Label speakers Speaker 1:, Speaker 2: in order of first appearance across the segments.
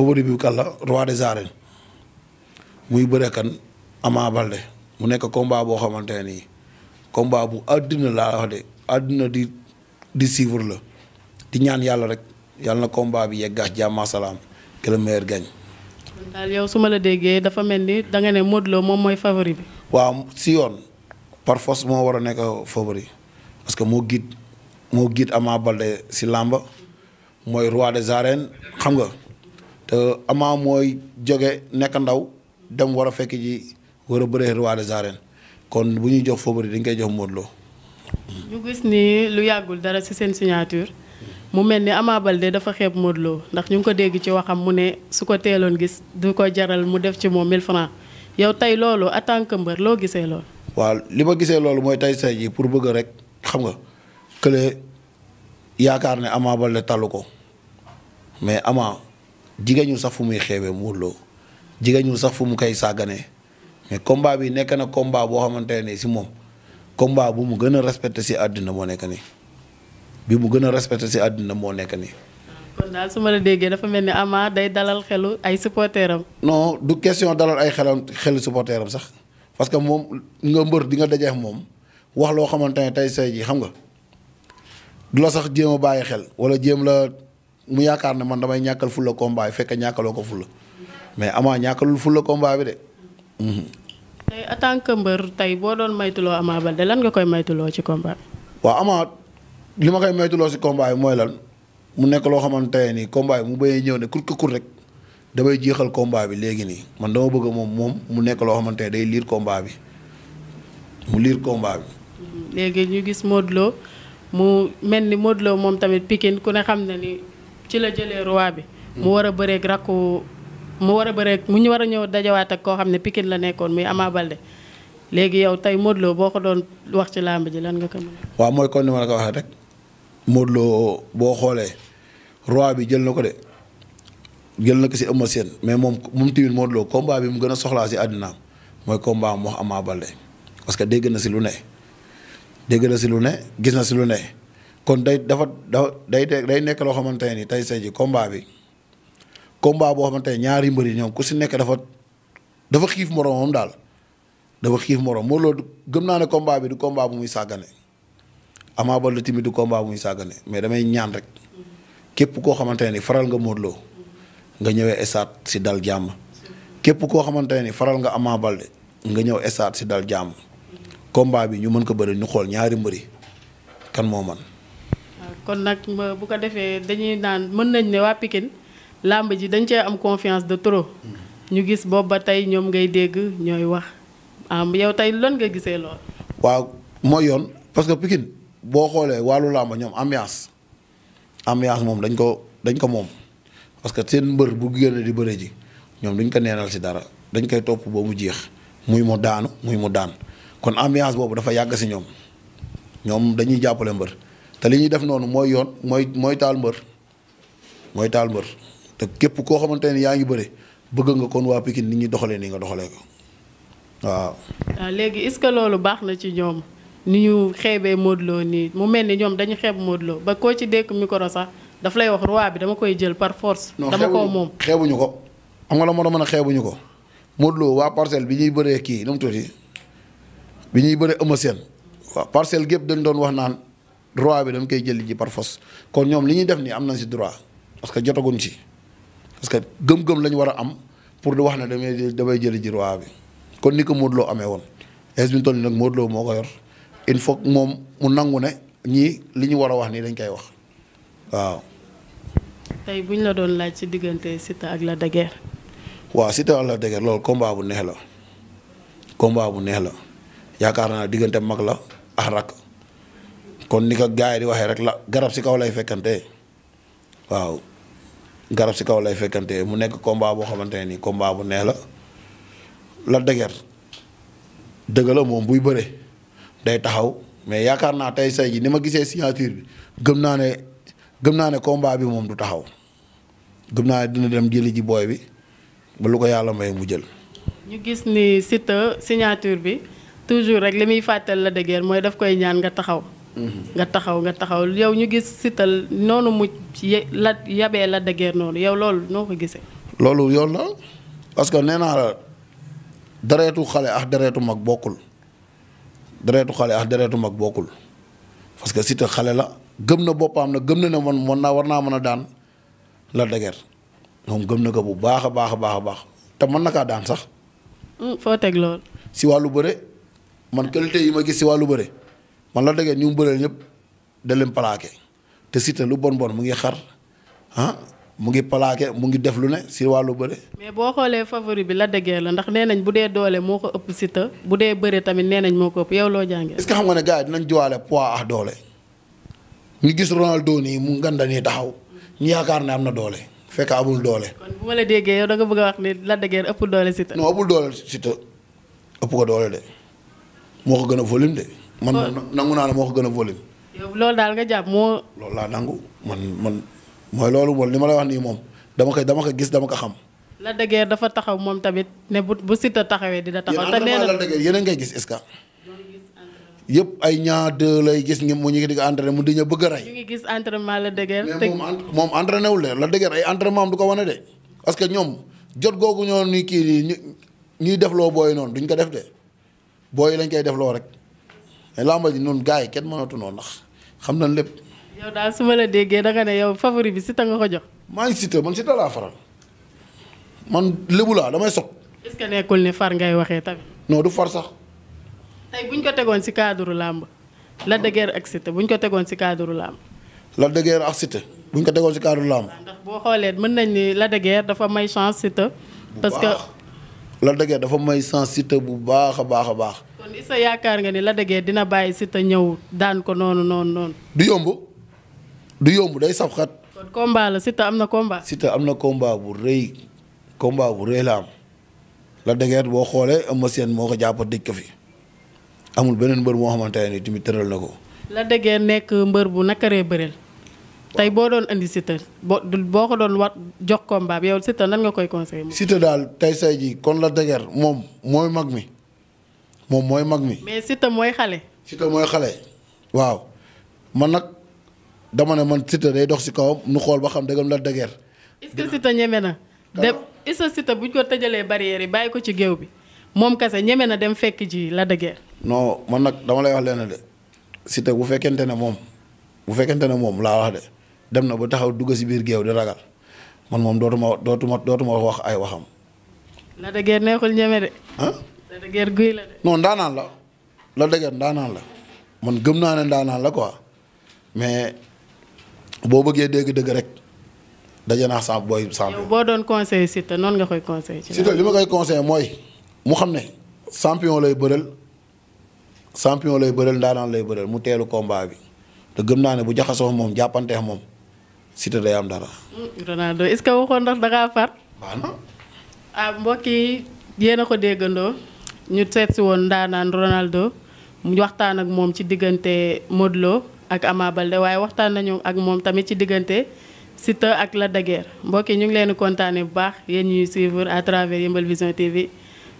Speaker 1: favori bi kan la roi des arènes muy bëre kan Ama mu nekk combat boo xamante ne nii combat bu àddina laa wax de àddina di di suivre la di ñaan yàlla rek yàlla na combat bi yegg ak jàmm salaam que le meilleur gagne.
Speaker 2: daal yow su la déggee dafa mel ni da nga ne Modou moom mooy favori
Speaker 1: bi. waaw si yoon par moo war a nekk favori parce que moo giit moo giit Ama Baldé si làmba mooy roi des arènes xam nga. te mooy jóge nekk ndaw dem war a fekk ji war a bëree roi des arènes kon bu ñuy jox foofu dañ koy jox Modou
Speaker 2: ñu gis ni lu yàggul dara ci seen signature mu mel ni Ama Baldé dafa xeeb Modou ndax ñu ngi ko dégg ci waxam mu ne su ko teeloon gis du ko jaral mu def ci moom 1000 francs yow tey loolu en tant que mbër loo gisee loolu.
Speaker 1: waa li ma gisee loolu mooy tey say ji pour bëgg rek xam nga kële yaakaar ne Ama Baldé talu ko mais Ama jigéen ñu sax fu muy xewee Modou Lo jigéen ñu sax fu mu kay sàgganee mais combat bi nekk na combat boo xamante ne si moom combat bu mu gën a respecté si àddina moo nekk nii bi mu gën a respecté si àddina moo nekk nii.
Speaker 2: kon daal su ma la déggee dafa mel ni Ama day dalal xelu ay supporteram.
Speaker 1: non du question dalal ay xelam xelu supporteram sax parce que moom nga mbër di nga dajeex moom wax loo xamante ne tey say ji xam nga du la sax jéem a bàyyi xel wala jéem la. mu yaakaar ne man damay ñàkkal fulla combat yi fekk ñàkkaloo ko fulla mais Ama ñàkkalul fulla combat bi de. Mhm.
Speaker 2: tant que mbër tey boo doon maytuloo lan nga koy maytuloo ci combat
Speaker 1: bi. waaw Ama li ma koy maytuloo si combat bi mooy lan mu nekk loo xamante ne nii combat bi mu bañee ñëw ne kur ko kur rek damay jeexal combat bi léegi nii man dama bëgg moom moom mu nekk loo xamante ne day liir kombaa bi mu liir combat bi. Mhm.
Speaker 2: léegi ñu gis Modou mu mel ni Modou Lo moom tamit Pikine ku ne xam na ni. ci la jële roi bi. mu war a bëreeg rakku mu war a bëreeg mu ñu war a ñëw dajawaat ak koo xam ne Pikine la nekkoon muy Ama Balde léegi yow tey Modou boo ko doon wax ci làmb ji nga
Speaker 1: ko mooy kon ni ma la ko waxee rek Modou boo xoolee roi bi jël na ko de jël na ko si Eumeu Sène mais moom mu tamit Modou Lo bi mu gën a soxlaa si àddinaam mooy combat am wax Ama Balde parce que dégg na si lu ne dégg na si lu ne gis na si lu ne. kon day dafa da day day nekk loo xamante nii tey say ji combat bi combat boo xamante ñaari mbër yi ñoom ku si nekk dafa dafa xiif moroomam daal dafa xiif moroom moo loolu gëm naa ne combat bi du combat bu muy sàggane Ama Baldé du combat muy sàggane mais damay ñaan rek képp koo xamante ni faral nga Modou nga ñëwee esaat si dal jàmm képp koo xamante ni faral nga Ama Baldé nga ñëw esaat si dal jàmm combat bi ñu mën ko bëri ñu xool ñaari mbër yi kan moo man
Speaker 2: kon nag bu ko defee dañuy naan mën nañ ne waa Pikine làmb ji dañ cee am confiance de trop mm-hmm. ñu gis boobu ba tey ñoom ngay dégg ñooy wax am yow tey lan nga gisee lool.
Speaker 1: waaw mooy yoon parce que Pikine boo xoolee wàllu làmb ñoom ambiance ambiance moom dañ ko dañ ko moom parce que seen mbër bu génne di bëre ji ñoom dañ ko neenal si dara dañ koy topp ba mu jeex muy mu daanu muy mu daan kon ambiance boobu dafa yàgg si ñoom ñoom dañuy jàppale mbër. te li ñuy def noonu mooy yoon mooy mooy taal mbër mooy taal mbër te képp koo xamante ne yaa ngi bëre bëgg nga kon waa Pikine ni ñi doxalee nii nga doxalee ko waaw.
Speaker 2: Ah, léegi est-ce que loolu baax na ci ñoom ni ñu xeebee Modou Lo nii mu mel ni ñoom dañu xeeb Modou Lo ba koo ci dékk micro sax daf lay wax roi bi dama koy jël par force. dama ko moom
Speaker 1: xeebuñu ko. xam nga la moo mën a xeebuñu ko Modou waa parcelle bi ñuy bëree kii nu mu tuuti bi ñuy bëree Eumeu Sène waa parcelle doon wax naan. droit bi dama koy jëli ji par force kon ñoom li ñuy def nii am na si droit parce que jotaguñ si parce que gëm-gëm lañ war a am pour di wax na damay damay jëli ji droit bi kon ni ko Modou amee woon. est bi nag Modou moo ko yor il foog moom mu nangu ne ñii li ñu war a wax nii dañ koy wax waaw.
Speaker 2: tey bu ñu la doon laaj si diggante Siteu ak la de Guiers.
Speaker 1: waaw Siteu ak Lac de loolu combat bu neex la combat bu neex la yaakaar naa diggante mag la ak rakk kon ni ko gars yi di waxee rek la garab si kaw lay fekkante waaw garab si kaw lay fekkante mu nekk combat boo xamante ne nii komba bu neex la la dëgër dëgg moom buy bëre day taxaw mais yaakaar naa tey say ji ni ma gisee signature bi gëm naa ne gëm naa ne combat bi moom du taxaw gëm naa ne dina dem jëli ji booy bi ba lu ko yàlla may mu jël.
Speaker 2: ñu gis ni Siteu signature bi toujours rek li muy fàttal la dëgër mooy daf koy ñaan nga taxaw. Mm-hmm. nga taxaw nga taxaw yow ñu gis sital noonu mu la yabee la dëgër noonu yow loolu noo ko gisee.
Speaker 1: loolu yoon la parce que nee naa la deretu xale ak deretu mag bokkul deretu xale ak deretu mag bokkul parce que Siteu xale la gëm na boppam na gëm na ne man mën naa war naa mën a daan la dëgër moom gëm na ko bu baax a baax a baax a baax te mën na kaa daan sax. Mm, foo teg lool. si wàllu bëre man qualité yi ma gis si wàllu bëre. man la dëggee ñu mu bëreel ñëpp da leen plaqué te Siteu lu bon bon mu ngi xar ah mu ngi plaqué mu ngi def lu ne si wàllu bëre.
Speaker 2: mais boo xoolee favori bi la dëggee la ndax nee nañ bu dee doole moo ko ëpp Siteu bu dee bëre tamit nee nañ moo ko ëpp yow loo jàngee. est-ce
Speaker 1: que xam nga ne gars yi dinañ jowaale poids ak doole ñu gis Ronaldo nii mu nganda nii taxaw ñu yaakaar ne am na doole fekk amul doole. kon
Speaker 2: bu ma la déggee yow da nga bëgg a wax ni la degee ëpp doole Siteu. non
Speaker 1: ëppul doole Siteu ëpp ko doole de ko gën a man nangu naa ne moo ko gën a volume.
Speaker 2: yow loolu daal nga jàpp moo.
Speaker 1: loolu laa nangu man man mooy loolu moom li ma la wax nii moom dama koy dama ko gis dama ko xam.
Speaker 2: la de dafa taxaw moom tamit ne bu bu taxawee dina taxaw. te nee na a
Speaker 1: ngay gis est-ce que yëpp ay ñaar deux lay gis ñoom mu ñu ngi di ko mu di ñu bëgg a rey.
Speaker 2: gis entraînement Lac de Guiers. te
Speaker 1: moom entraîné wul de Lac de Guiers ay entraînement am du ko wane de. parce que ñoom jot googu ñoo ni kii nii ñuy def loo booy noonu duñ ko def de booy lañ koy defloo rek. mais làmba ji noonu gars yi kenn mënatunoo ndax xam nañ lépp.
Speaker 2: yow daal su ma la déggee da ne yow favori bi Siteu nga ko jox.
Speaker 1: maa ngi Siteu man Siteu laa faral man lébu laa damay sob
Speaker 2: est-ce que nekkul ne far ngay waxee tamit. non du far sax. tey bu ñu ko tegoon ci cadre làmb Lac de Guiers ak Siteu bu ñu ko tegoon ci cadre
Speaker 1: làmb. Lac de Guiers ak Siteu bu ñu ko tegoon ci cadre làmb.
Speaker 2: boo xoolee mën nañ ni la de dafa may chance Siteu. parce que
Speaker 1: Lac de dafa may chance Siteu bu baax baax a baax.
Speaker 2: kon yaakaar nga ni la déggee dina bàyyi Siteu ñëw daan ko noonu noonu noonu.
Speaker 1: du yomb du yomb day saf xat. kon
Speaker 2: combat la am na combat.
Speaker 1: Siteu am na combat bu rëy combat bu rëy la am la déggee boo xoolee am seen moo ko jàpp dëj ko fi amul beneen mbër moo xamante ne tamit tëral na ko.
Speaker 2: la déggee nekk mbër bu nakaree bëreel. tey boo doon indi Siteu boo boo ko doon jox combat bi yow Siteu nan nga koy conseillé.
Speaker 1: Siteu daal tey say ji kon la dëgër moom mooy mag mi moom mooy mag mi.
Speaker 2: mais Siteu mooy xale. Siteu mooy xale
Speaker 1: waaw man nag dama ne man Siteu day dox si kawam nu xool ba xam dëggam la dëgër.
Speaker 2: est-ce que Siteu ñeme na. dem est-ce que Siteu buñ ko tëjalee barrière yi bàyyi ko ci géew bi moom kese ñeme na dem fekk ji la dëgër.
Speaker 1: noo man nag dama lay wax leen de Siteu bu fekkente ne moom bu fekkente ne moom laa wax de dem na ba taxaw dugg si biir géew di ragal man moom dootuma dootuma dootuma wax ay waxam. la dëgër neexul ñeme de. Lac de Guiers guy la de. non ndaanaan la Lac ndaanaan la man gëm naa ne ndaanaan la ko mais boo bëggee dégg-dëgg rek daje naa saab booy saab.
Speaker 2: boo doon conseil Siteu noonu nga koy conseil ci Siteu li ma
Speaker 1: koy conseil mooy mu xam ne champion lay bëreel champion lay bëreel ndaanaan lay bëreel mu teelu combat bi te gëm naa ne bu jaxasoo moom jàppanteex moom Siteu day am dara.
Speaker 2: Hmm, Ronaldo est-ce que far. baax na. Ah, mbokk yi ko déggandoo. ñu seet si woon ndaanaan Ronaldo mu waxtaan ak moom ci diggante Modou ak Ama Baldé waaye waxtaan nañu ak moom tamit ci diggante Siteu ak la de Guiers yi ñu ngi leen di kontaanee bu baax yéen ñuy suivre à travers Yeumbeul Vision TV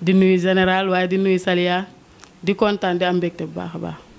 Speaker 2: di nuyu général waaye di nuyu Saliya di kontaan di am mbégte bu baax a baax.